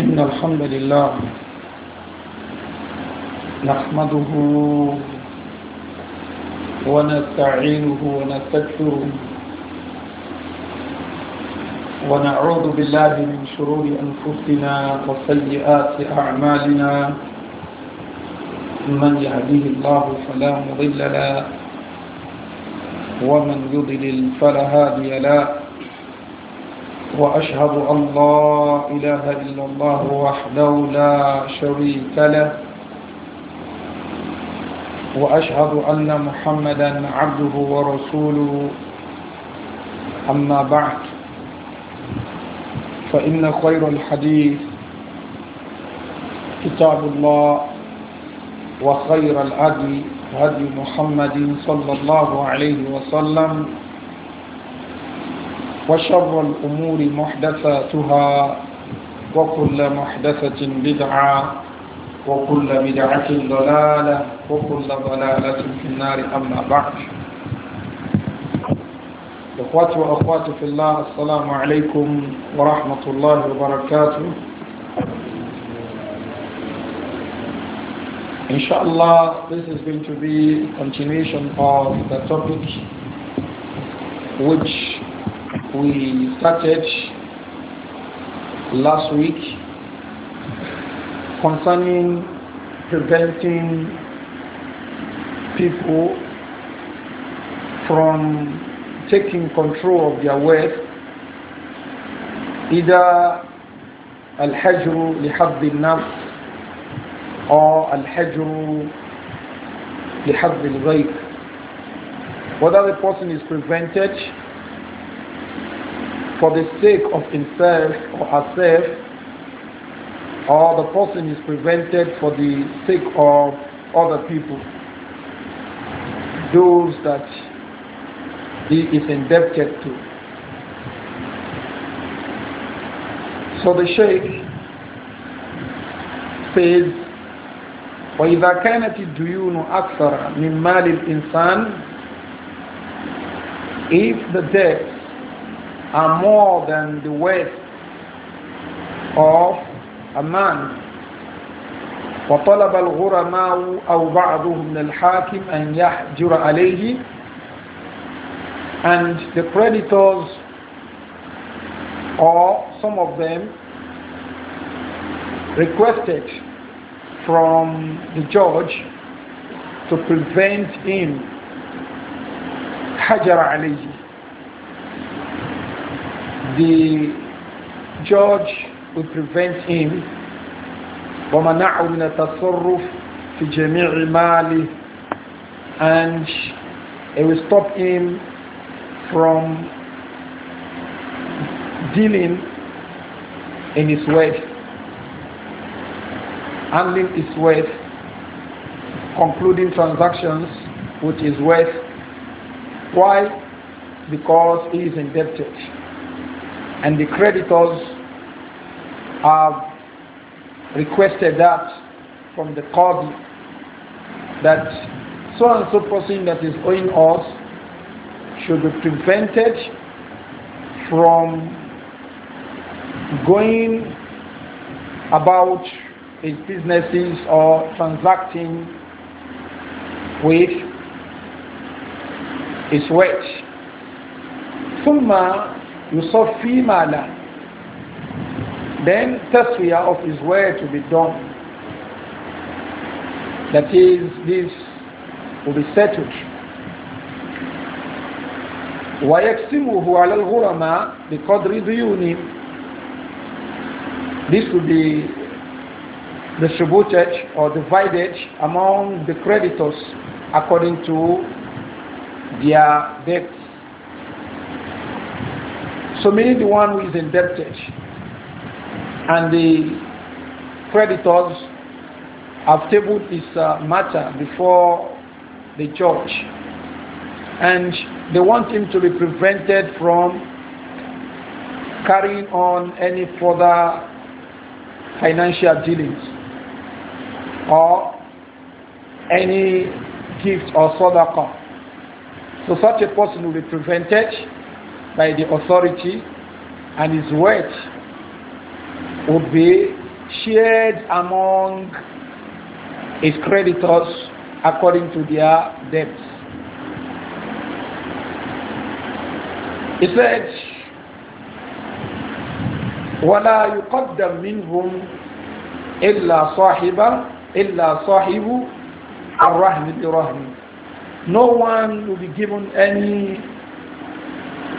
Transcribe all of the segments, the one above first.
إن الحمد لله نحمده ونستعينه ونستكثره ونعوذ بالله من شرور أنفسنا وسيئات أعمالنا من يهديه الله فلا مضل له ومن يضلل فلا هادي له وأشهد أن لا إله إلا الله وحده لا شريك له وأشهد أن محمدا عبده ورسوله أما بعد فإن خير الحديث كتاب الله وخير الأدي هدي محمد صلى الله عليه وسلم وشر الأمور محدثاتها وكل محدثة بدعة وكل بدعة ضلالة وكل ضلالة في النار أما بعد إخواتي وأخواتي في الله السلام عليكم ورحمة الله وبركاته Insha'Allah, this is going to be a continuation of the topic which we started last week concerning preventing people from taking control of their wealth either الحجر al النفس or الحجر al-Raik. whether the person is prevented for the sake of himself or herself, or the person is prevented for the sake of other people. Those that he is indebted to. So the Shaykh says, وإذا كانت الديون أكثر من مال الإنسان if the debt are more than the wealth of a man وطلب الغرماء أو بعضهم من الحاكم أن يحجر عليه and the creditors or some of them requested from the judge to prevent him حجر عليه the judge will prevent him and it will stop him from dealing in his wealth handling his wealth concluding transactions with his wealth why because he is indebted and the creditors have requested that from the court that so and so person that is owing us should be prevented from going about his businesses or transacting with his wage. ثم يصفي ما لا then taswiyah of his word to be done that is this will be settled ويقسمه على الغرماء بقدر ديونهم this will be distributed or divided among the creditors according to their debts so meaning the one who is indebted and the creditors have tabled this uh, matter before the judge and they want him to be prevented from carrying on any further financial dealings or any gift or sadaqah. So such a person will be prevented by the authority and his word would be shared among his creditors according to their debts. He said, ولا يقدم منهم إلا صاحب إلا صاحب الرهن برهن. No one will be given any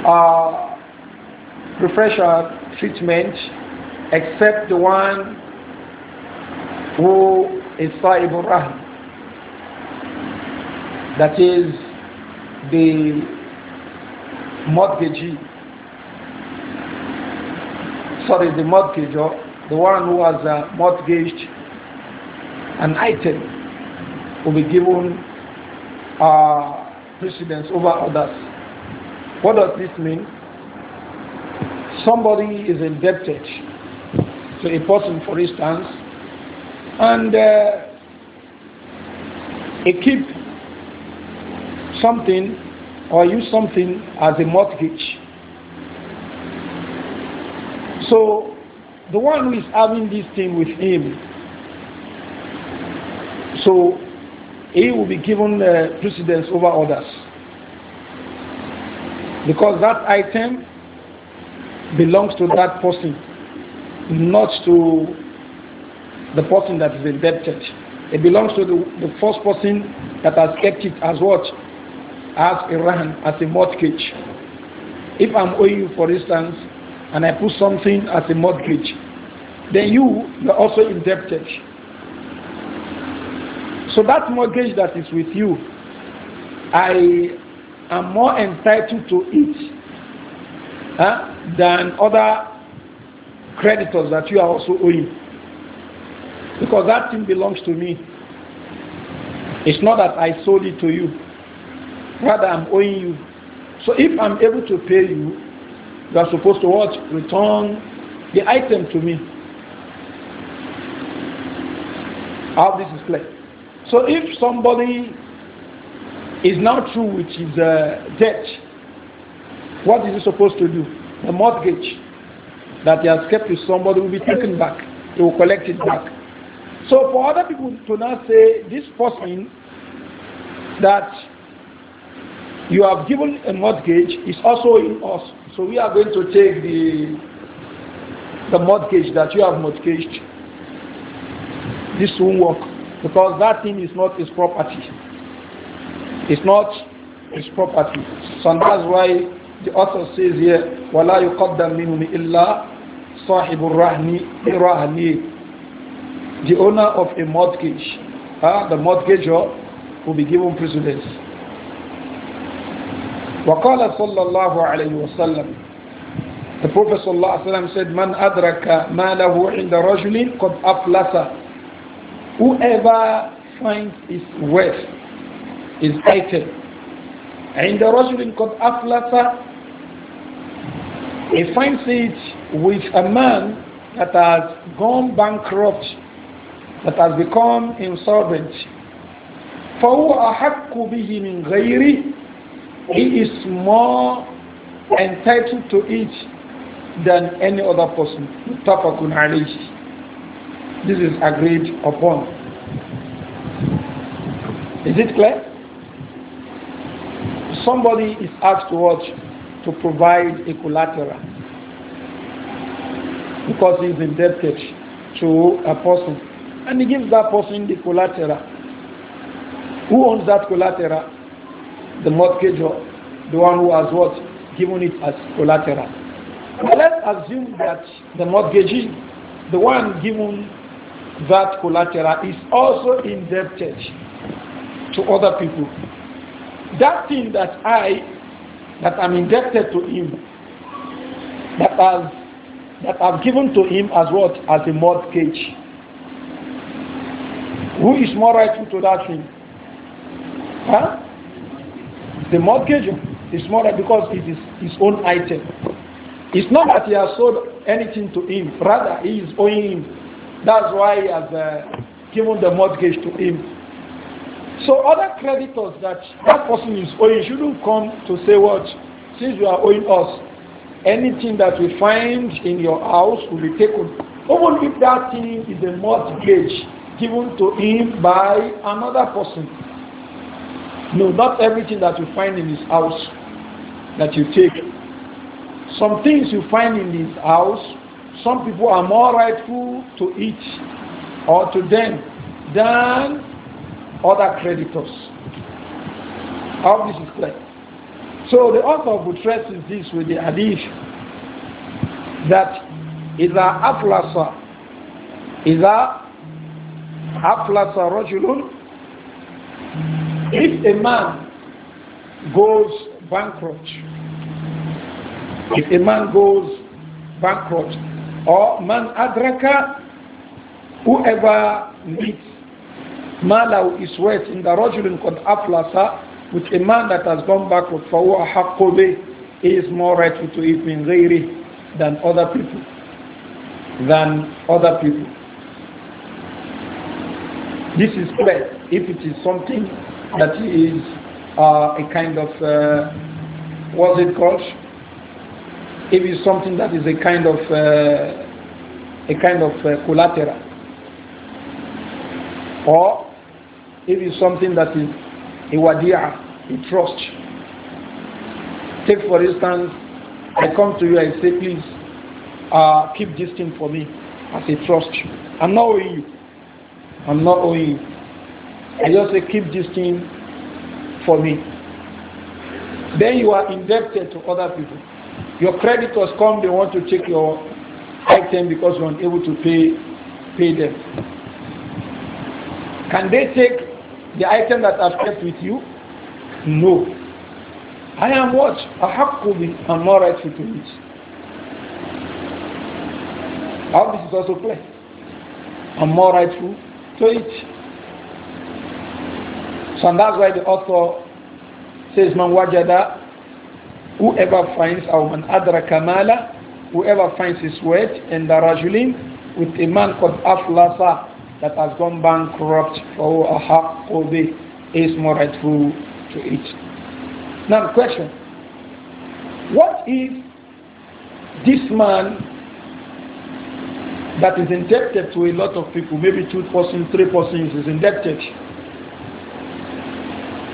uh, refresher treatment except the one who is Sahibul Rahm. That is the mortgagee. Sorry, the mortgagor, the one who has uh, mortgaged an item will be given uh, precedence over others. What does this mean? Somebody is indebted to a person, for instance, and uh, he keep something or use something as a mortgage. So the one who is having this thing with him, so he will be given uh, precedence over others. Because that item belongs to that person, not to the person that is indebted. It belongs to the, the first person that has kept it as what? As a ran, as a mortgage. If I'm owing you, for instance, and I put something as a mortgage, then you, you are also indebted. So that mortgage that is with you, I are more entitled to it huh, than other creditors that you are also owing. Because that thing belongs to me. It's not that I sold it to you. Rather, I'm owing you. So if I'm able to pay you, you are supposed to what? Return the item to me. How this is clear. So if somebody is now true, which is debt, what is he supposed to do? The mortgage that he has kept with somebody will be taken back. He will collect it back. So for other people to now say, this person that you have given a mortgage is also in us. So we are going to take the, the mortgage that you have mortgaged. This won't work because that thing is not his property. It's not his property. So that's why the author says here, وَلَا يُقَدَّمْ مِنْهُمْ إِلَّا صَاحِبُ الرَّهْنِ The owner of a mortgage, uh, the mortgagor will be given precedence. وقال صلى الله عليه وسلم The Prophet صلى الله عليه وسلم said من أدرك ما له عند رجل قد أفلس Whoever finds his wealth is titled عند رجل قد أفلس He finds it with a man that has gone bankrupt, that has become insolvent. فهو أحق He is more entitled to it than any other person. This is agreed upon. Is it clear? somebody is asked to watch to provide a collateral because he is indebted to a person and he gives that person the collateral. Who owns that collateral? The mortgagor, the one who has what? Given it as collateral. But let's assume that the mortgagee, the one given that collateral, is also indebted to other people that thing that I, that I'm indebted to him, that has, that I've given to him as what? As a mortgage. Who is more rightful to that thing? Huh? The mortgage is more right because it is his own item. It's not that he has sold anything to him. Rather, he is owing him. That's why he has uh, given the mortgage to him. So other creditors that that person is owing shouldn't come to say what, since you are owing us, anything that we find in your house will be taken. Even if that thing is a mortgage given to him by another person. No, not everything that you find in his house that you take. Some things you find in his house, some people are more rightful to it or to them than other creditors. All this is clear. So the author buttresses this with the hadith that إذا أفلس إذا أفلس رجل if a man goes bankrupt if a man goes bankrupt or man adraka whoever needs. Malau is worth in the Rajulun called Aflasa with a man that has gone backward. Fawa he is more right to it min ghairi than other people. Than other people. This is clear if it is something that is uh, a kind of, uh, what's it called? If it's something that is a kind of, uh, a kind of uh, collateral or if it's something that is a wadi'ah, a trust. Take for instance, I come to you and say, please, uh, keep this thing for me as a trust. I'm not owing you. I'm not owing you. I just say, keep this thing for me. Then you are indebted to other people. Your creditors come, they want to take your item because you're unable to pay, pay them. Can they take the item that I've kept with you? No. I am what? a be I'm more rightful to it. How this is also clear. I'm more rightful to it. So and that's why the author says, Man wajada, whoever finds, our man adra kamala, whoever finds his wealth, and the with a man called aflasa, that has gone bankrupt for a of is more rightful to it. Now the question, what if this man that is indebted to a lot of people, maybe two persons, three persons is indebted,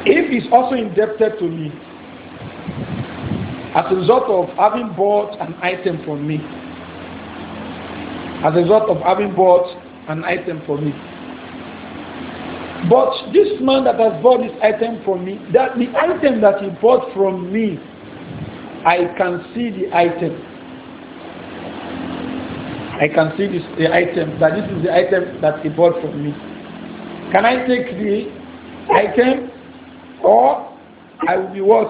if he's also indebted to me, as a result of having bought an item from me, as a result of having bought an item for me. But this man that has bought this item from me, that the item that he bought from me, I can see the item. I can see this the item that this is the item that he bought from me. Can I take the item or I will be what?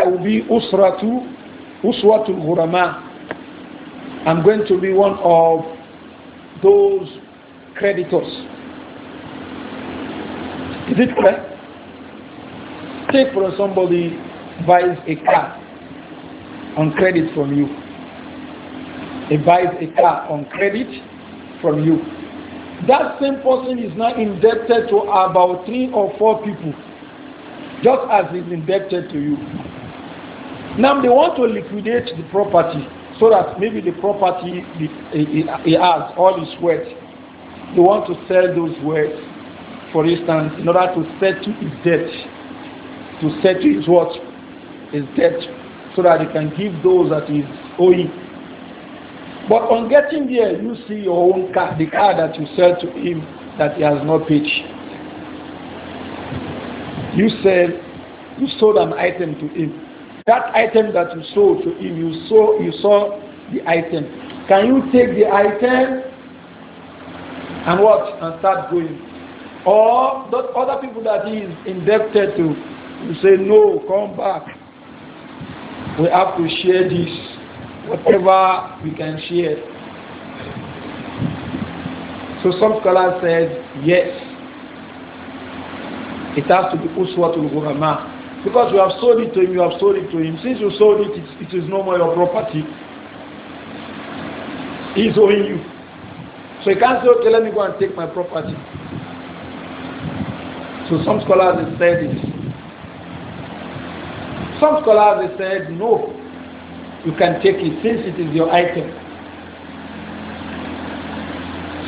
I will be usratu uswatul hurama. I'm going to be one of those creditors. Is it clear? Take for somebody buys a car on credit from you. He buys a car on credit from you. That same person is now indebted to about three or four people, just as he's indebted to you. Now they want to liquidate the property so that maybe the property he has, all his wealth, he wants to sell those wealth, for instance, in order to settle his debt, to settle his what? His debt, so that he can give those that he's owing. But on getting there, you see your own car, the car that you sell to him that he has not paid. You sell, you sold an item to him that item that you sold to him, you saw, you saw the item. Can you take the item and what? And start going. Or the other people that he is indebted to, you say, no, come back. We have to share this, whatever we can share. So some scholars said yes, it has to be uswatul ghurama because you have sold it to him, you have sold it to him. Since you sold it, it, it is no more your property. He is owing you. So you can't say, okay, let me go and take my property. So some scholars have said it. Some scholars have said, no, you can take it since it is your item.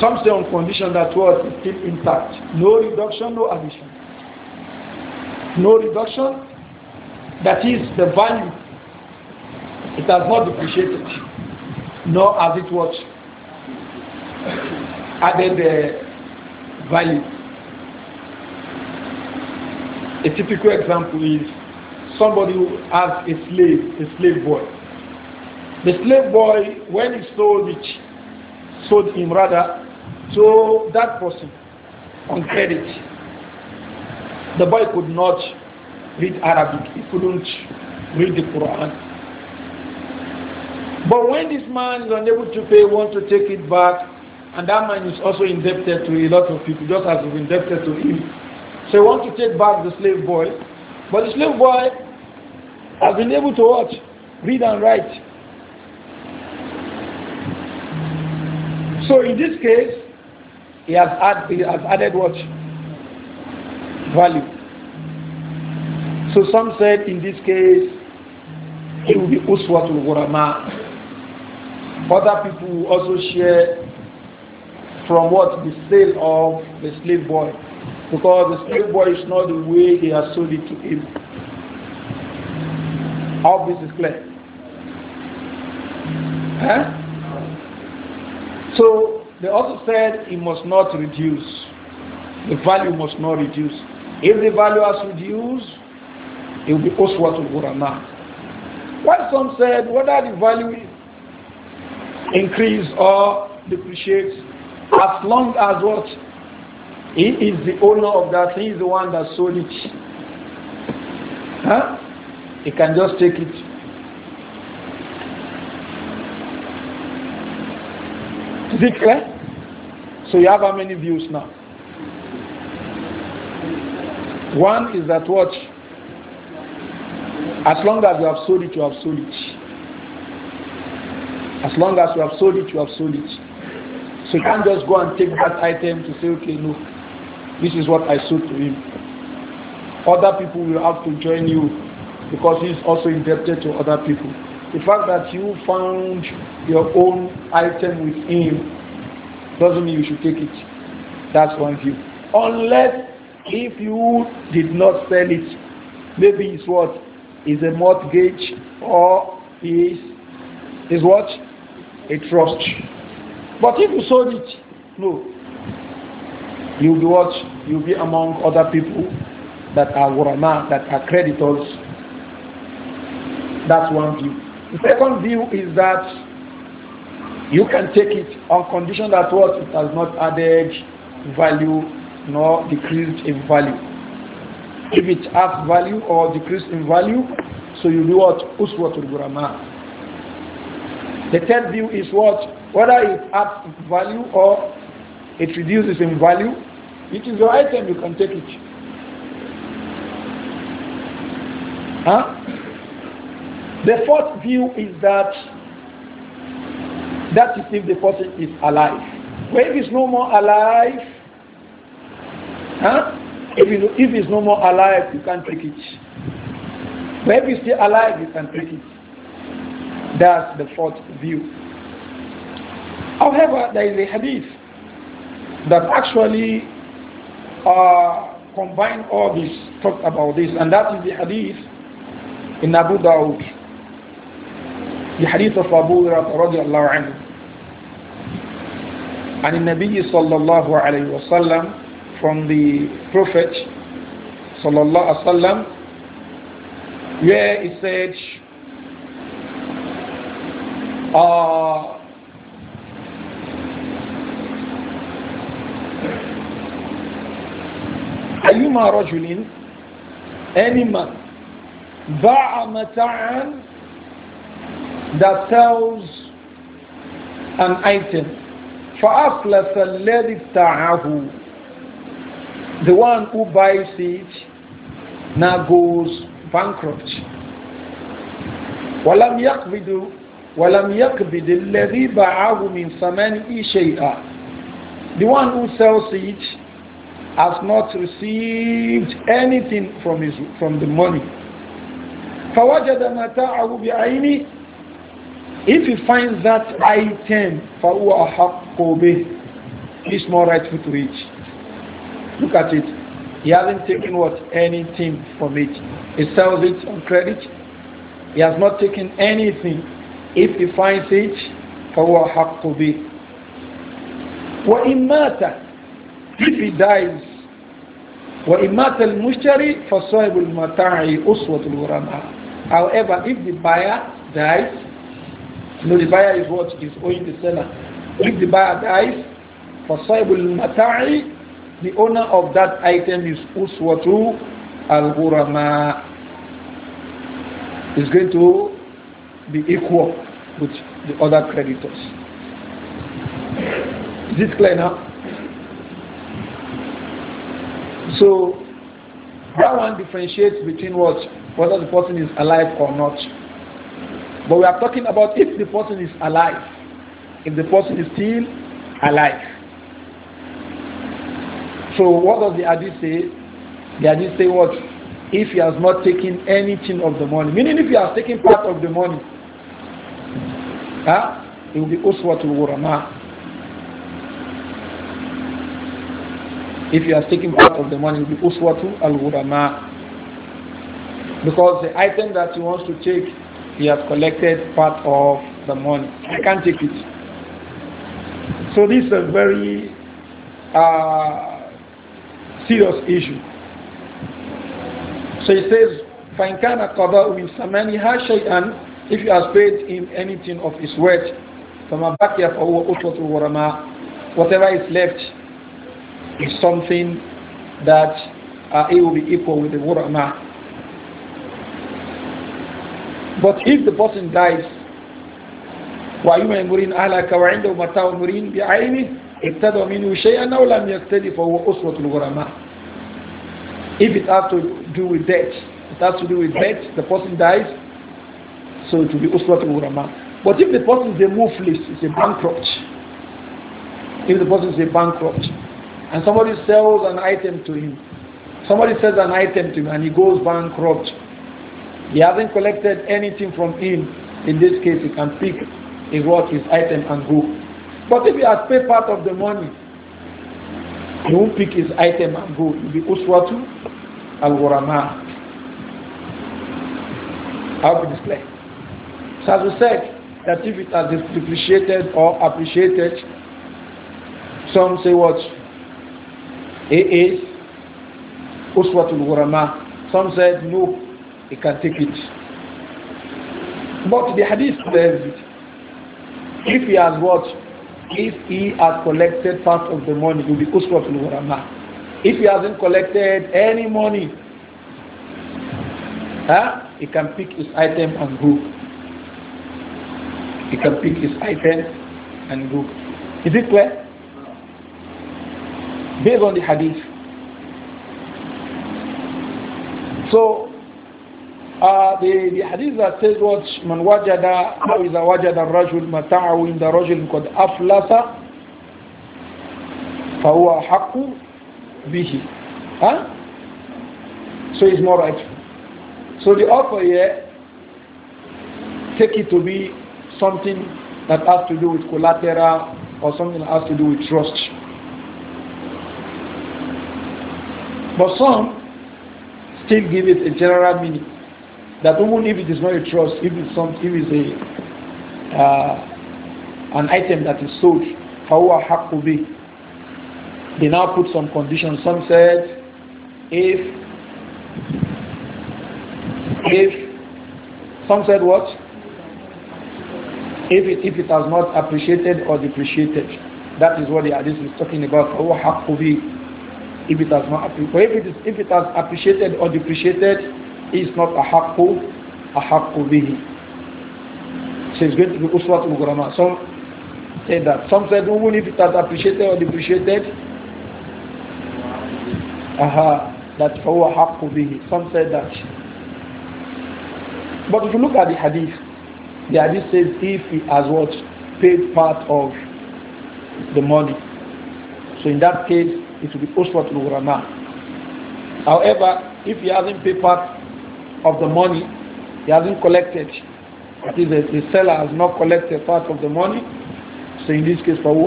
Some say on condition that what is still intact. No reduction, no addition no reduction. That is the value. It has not depreciated, nor has it what added the uh, value. A typical example is somebody who has a slave, a slave boy. The slave boy, when he sold it, sold him rather to that person on credit the boy could not read Arabic. He couldn't read the Quran. But when this man is unable to pay, want to take it back, and that man is also indebted to a lot of people, just as he's indebted to him. So he wants to take back the slave boy, but the slave boy has been able to watch, read and write. So in this case, he has, add, he has added what? value. So some said in this case, it will be Uswatul Ghurama. Other people also share from what the sale of the slave boy. Because the slave boy is not the way they are sold it to him. All this is clear. Huh? So they also said it must not reduce. The value must not reduce. If the value has reduced, it will be what Oswatul now. While some said whether the value increase or depreciates, as long as what he is the owner of that he is the one that sold it. Huh? He can just take it. Is it clear? So you have how many views now? One is that what? As long as you have sold it, you have sold it. As long as you have sold it, you have sold it. So you can't just go and take that item to say, okay, look, this is what I sold to him. Other people will have to join you because he's also indebted to other people. The fact that you found your own item with him doesn't mean you should take it. That's one view. Unless if you did not sell it, maybe it's what is a mortgage or is is what a trust. But if you sold it, no, you'll be what you'll be among other people that are warama, that are creditors. That's one view. The second view is that you can take it on condition that what it has not added value nor decreased in value. If it has value or decreased in value, so you do what? Uswatul Burama. The third view is what? Whether it adds value or it reduces in value, it is your item, you can take it. Huh? The fourth view is that that is if the person is alive. When he is no more alive, Huh? If, it, if it's no more alive, you can't take it. But if it's still alive, you can take it. That's the fourth view. However, there is a hadith that actually uh, combine all this, talked about this, and that is the hadith in Abu Dawud. The hadith of Abu radiallahu anhu. عن النبي صلى الله alayhi wasallam from the Prophet sallallahu alaihi wasallam, where he said, uh, أيما رجل any man باع متاعا that sells an item فأخلف الذي ابتاعه the one who buys it now goes bankrupt. ولم يقبض ولم يقبض الذي باعه من ثمنه شيئا. The one who sells it has not received anything from his from the money. فوجد متاعه بعينه if he finds that item فهو أحق به is more rightful to it. Look at it. He hasn't taken what anything from it. He sells it on credit. He has not taken anything. If he finds it, to be. بِهِ وَإِمَّاتَ If he dies, وَإِمَّاتَ الْمُشْتَرِ فَصَيْبُ for أُسْوَةُ الْغُرَمَاءِ However, if the buyer dies, you know the buyer is what is owing the seller. If the buyer dies, for فَصَيْبُ الْمَتَاعِ the owner of that item is Uswatu Al-Ghurama. Is going to be equal with the other creditors. Is it clear now? So, that one differentiates between what, whether the person is alive or not. But we are talking about if the person is alive, if the person is still alive. So what does the hadith say? The hadith say what? If he has not taken anything of the money, meaning if he has taken part of the money, huh, it will be uswatul wurama. If he has taken part of the money, it will be uswatul al wurama. Because the item that he wants to take, he has collected part of the money. He can't take it. So this is a very uh, serious issue. So he says, فَإِنْ مِنْ شَيْئًا If you have paid him anything of his worth, فَمَا بَقِيَ فَهُوَ أُسْوَةُ الْغُرَمَاءِ Whatever is left is something that uh, it will be equal with the warama. But if the person dies, وَأَيُّمَا يَمُرِينَ أَهْلَكَ وَعِنْدَهُ مَتَاعُ مُرِينَ بِعَيْنِهِ اقتدى منه شيئا أو لم يقتدي فهو أسوة الغرماء if it has to do with death it has to do with death the person dies so it will be أسوة الغرماء but if the person is a muflis is a bankrupt if the person is a bankrupt and somebody sells an item to him somebody sells an item to him and he goes bankrupt he hasn't collected anything from him in this case he can pick a what his item and go but if he has paid part of the money, he won't pick his item and go. It will be Uswatu al Ghurama. How to display. So as we said, that if it has depreciated or appreciated, some say what? It is Uswatul Ghurama. Some said no, he can take it. But the hadith says if he has what? if he has collected part of the money, will be usratul ulama. If he hasn't collected any money, huh, he can pick his item and go. He can pick his item and go. Is it clear? Based on the hadith. So uh, the, the hadith that says what man wajada أو إذا وجد الرجل متاعه عند رجل قد aflasa, فهو حق به huh? so it's more rightful so the offer here take it to be something that has to do with collateral or something that has to do with trust but some still give it a general meaning that even if it is not a trust, if it's some, if it's a uh, an item that is sold, how حَقُّ بِهِ They now put some conditions. Some said, if if some said what? If it, if it has not appreciated or depreciated, that is what the hadith is talking about. How حَقُّ If it has not, if it is, if it has appreciated or depreciated, is not a a hakku bihi. So it's going to be uswat mugrama. Some said that. Some said even if it has appreciated or depreciated, aha, that a hakku bihi. Some said that. But if you look at the hadith, the hadith says if he has what paid part of the money. So in that case, it will be uswat mugrama. However, if he hasn't paid part of the money. He hasn't collected. The, the seller has not collected part of the money. So in this case, So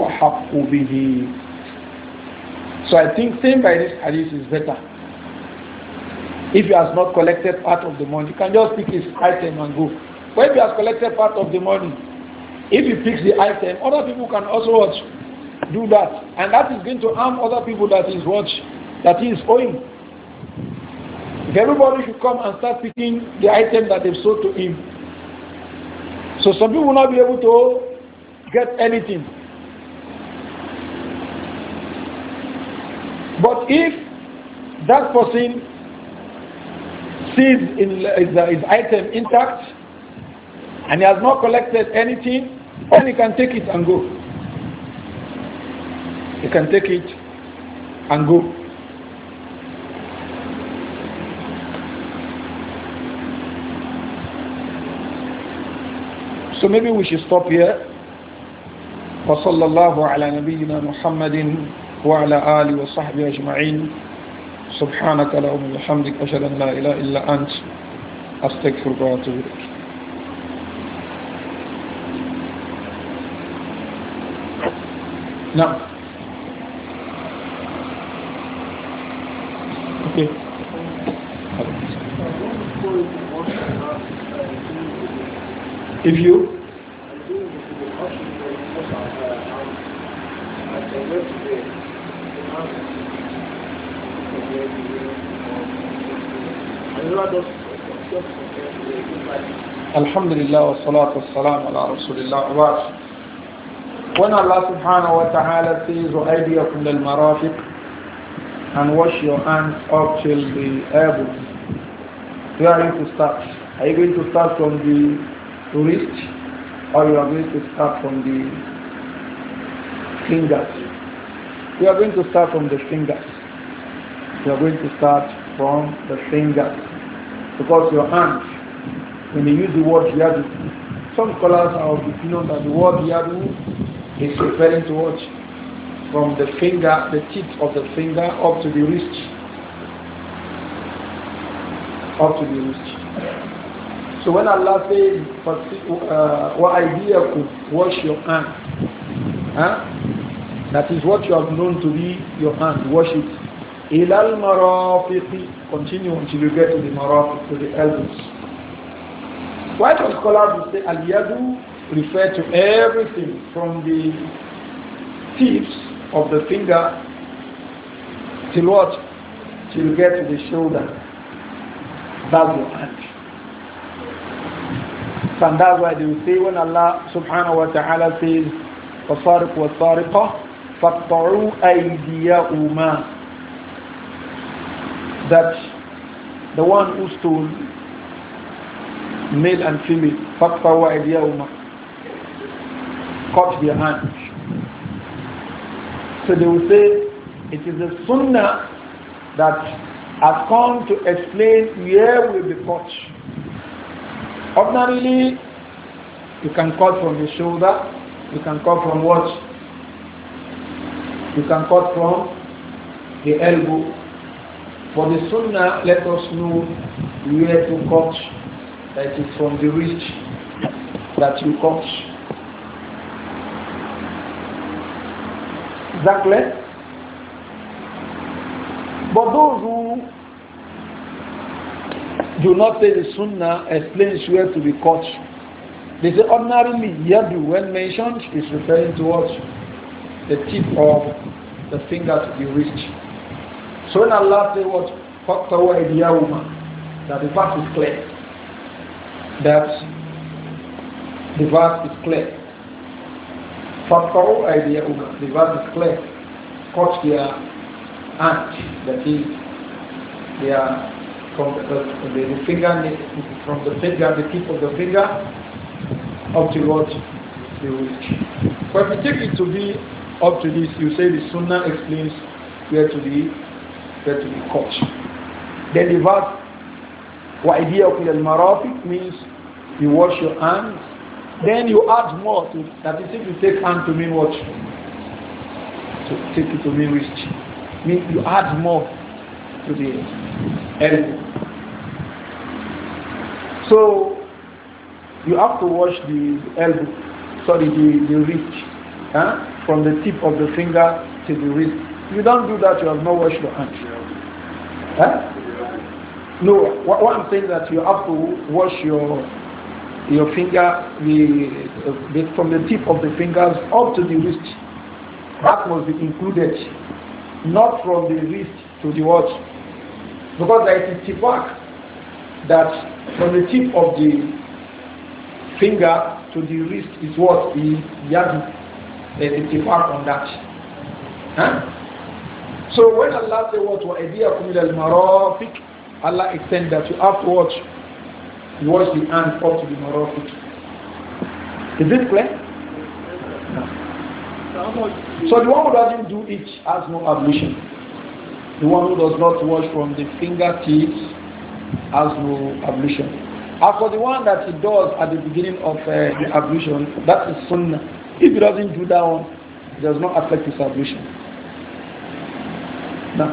I think saying by this hadith is better. If he has not collected part of the money, you can just pick his item and go. But if he has collected part of the money, if he picks the item, other people can also watch, do that. And that is going to harm other people that is watch, that he is owing everybody should come and start picking the item that they've sold to him. So some people will not be able to get anything. But if that person sees uh, his, item intact and he has not collected anything, then he can take it and go. He can take it and go. So maybe we should stop here. وصلى الله على نبينا محمد وعلى آله وصحبه أجمعين سبحانك اللهم وبحمدك أشهد أن لا إله إلا أنت أستغفرك وأتوب إليك نعم okay. If you Alhamdulillah wa salatu wa salam ala rasulillah wa When Allah subhanahu wa ta'ala says وَأَيْدِيَكُمْ لِلْمَرَافِقِ and wash your hands up till the elbows where are you to start? Are you going to start from the to reach or you are going to start from the fingers. We are going to start from the fingers. We are going to start from the fingers. Because your hand, when you use the word yadu, some scholars are of the opinion that the word yadu is referring to what? From the finger, the tip of the finger up to the wrist. Up to the wrist. So when Allah says, could uh, Wash your hand. Huh? That is what you have known to be your hand. Wash it. Ilal الْمَرَافِقِ Continue until you get to the marafiq, to the elbows. Why do scholars say al-yadu refer to everything from the tips of the finger till what? Till you get to the shoulder. That's your hand and that's why they will say when Allah subhanahu wa ta'ala says وَصَارِقُ وَالصَّارِقَةِ فَاقْطَعُوا أَيْدِيَهُمَا That the one who stole male and female فَاقْطَعُوا أَيْدِيَهُمَا cut their hand so they will say it is a sunnah that has come to explain where will be caught Ordinarily, you can cut from the shoulder, you can cut from what? You can cut from the elbow. For the sunnah, let us know where to cut, that is from the wrist that you cut. Exactly. But those who do not say the sunnah explains where to be caught. They say ordinarily yadu when mentioned is referring to what? The tip of the finger to be reached." So when Allah says what? Faktawa idiyahuma. That the verse is clear. That the verse is clear. Faktawa idiyahuma. The verse is clear. Caught their hand. That is their from the, the, the finger, from the finger, the tip of the finger, up to what the wrist. But if you take it to be up to this, you say the sunnah explains where to be, where to be caught. Then the verse, وَإِدِيَكُمْ الْمَرَافِقْ means you wash your hands. Then you add more to, that is if you take hand to mean what? To take it to mean wrist. Means you add more to the and So you have to wash the elbow, sorry, the, the wrist, huh? from the tip of the finger to the wrist. If you don't do that, you have not washed your hands. Huh? No, what, what I'm saying that you have to wash your your finger the, the, from the tip of the fingers up to the wrist. That must be included, not from the wrist to the watch because there is ittifaq that from the tip of the finger to the wrist is what the yadu. There is ittifaq on that. Huh? So when Allah says what وَأَدِيَكُمْ al الْمَرَافِقِ Allah extends that you have to watch, watch the hand up to the marafiq. Is this clear? No. So the one who doesn't do it has no ablution. The one who does not wash from the fingertips has no ablution. As for the one that he does at the beginning of uh, the ablution, that is sunnah. If he doesn't do that one, it does not affect his ablution. Now,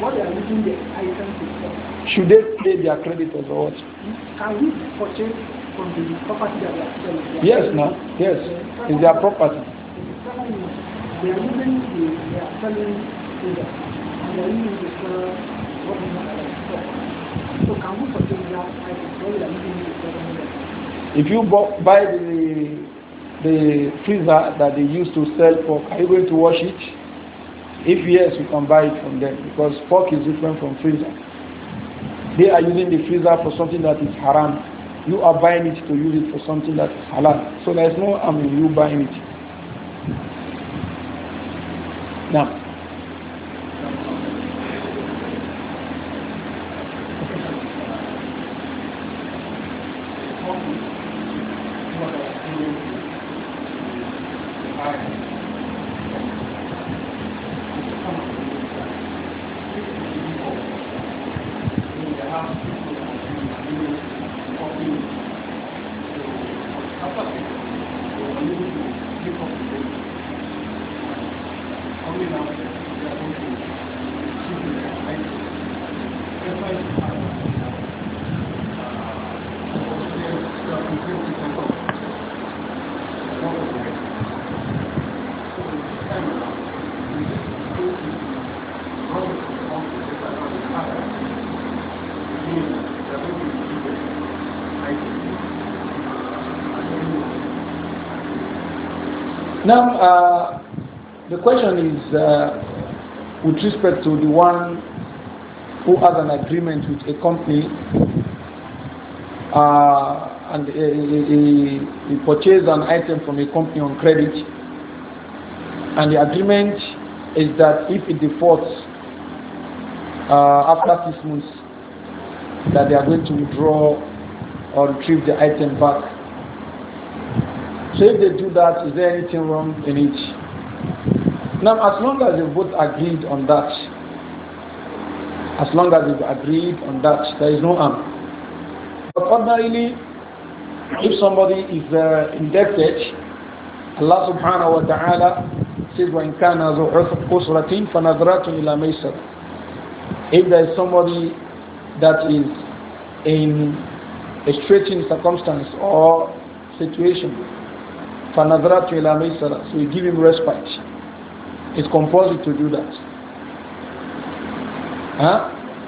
what they are using the items for. Should they pay their creditors or what? Can we purchase from the property that they are selling? Yes, now. Yes. The it's their property. They are using the, they are selling products. And they are using the sell So can we purchase that item so they are using the sell If you buy the the freezer that they used to sell for, are you going to wash it? If yes, you can buy it from them because pork is different from freezer. They are using the freezer for something that is haram. You are buying it to use it for something that is halal. So there is no harm in you buying it. Now, question is uh, with respect to the one who has an agreement with a company uh, and he, purchased an item from a company on credit and the agreement is that if it defaults uh, after six months that they are going to withdraw or retrieve the item back. So if they do that, is there anything wrong in it? Now, as long as you both agreed on that, as long as you've agreed on that, there is no harm. But ordinarily, if somebody is uh, indebted, Allah subhanahu wa ta'ala says, وَإِن كَانَ ذُو عُسْرَةٍ فَنَظْرَةٌ إِلَى مَيْسَرٍ If there is somebody that is in a stretching circumstance or situation, فَنَظْرَةٌ إِلَى مَيْسَرٍ So you give him respite. It's compulsory to do that. Huh?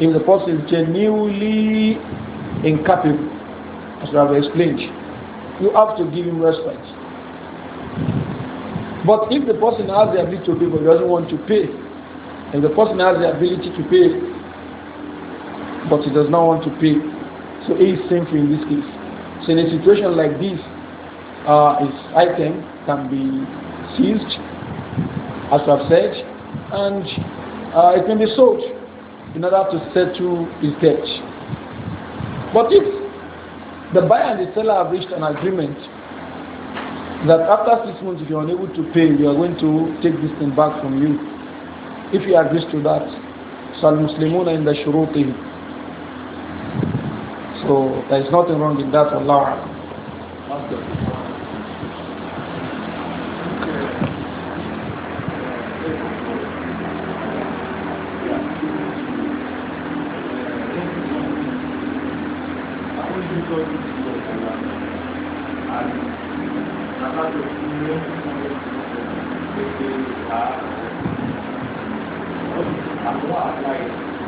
If the person is genuinely incapable, as I have explained, you have to give him respect. But if the person has the ability to pay but doesn't want to pay, and the person has the ability to pay but he does not want to pay, so he is sinful in this case. So in a situation like this, uh, his item can be seized as I've said, and uh, it can be sold in order to settle his debt. But if the buyer and the seller have reached an agreement that after six months, if you're unable to pay, we are going to take this thing back from you. If you agree to that, in the شُرُوطِهِمْ so there is nothing wrong with that, Allah.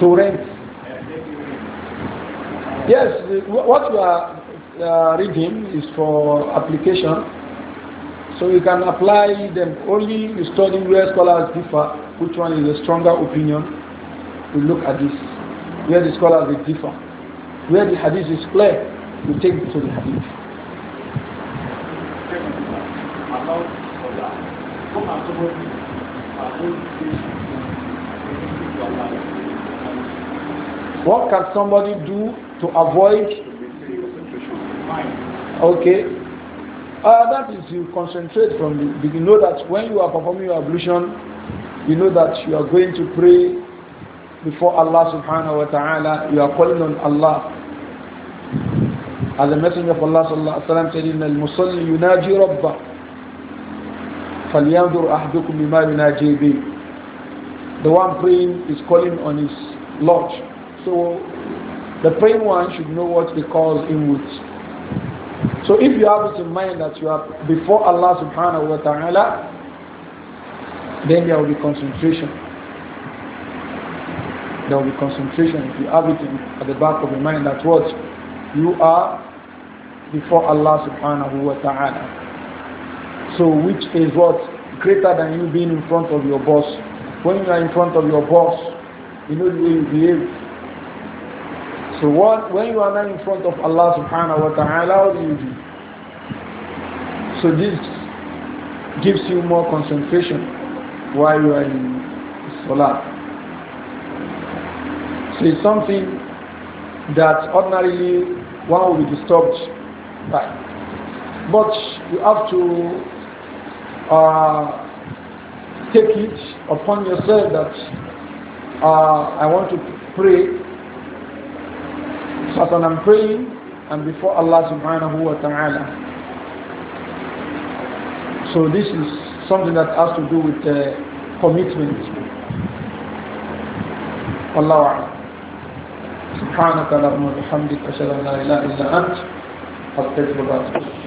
to rent. Yes, what you are uh, reading is for application. So you can apply them only you study where scholars differ, which one is a stronger opinion. We look at this, where the scholars differ. Where the hadith is clear, we take to the hadith. What can somebody do to avoid? Okay. Uh, that is you concentrate from the You know that when you are performing your ablution, you know that you are going to pray before Allah subhanahu wa ta'ala. You are calling on Allah. As the Messenger of Allah sallallahu alayhi wa sallam said, The one praying is calling on his Lord. So the praying one should know what he calls him So if you have it in mind that you are before Allah subhanahu wa ta'ala, then there will be concentration. There will be concentration if you have it in, at the back of your mind that what you are before Allah subhanahu wa ta'ala. So which is what? Greater than you being in front of your boss. When you are in front of your boss, you know the way you behave, so what, when you are not in front of Allah subhanahu wa ta'ala, what do you do? So this gives you more concentration while you are in Salah. So it's something that ordinarily one will be disturbed by. But you have to uh, take it upon yourself that uh, I want to pray Satan, I'm praying, and before Allah subhanahu wa ta'ala. So this is something that has to do with uh, commitment. Allah سبحانك اللهم وبحمدك أشهد أن لا إله إلا أنت أستغفرك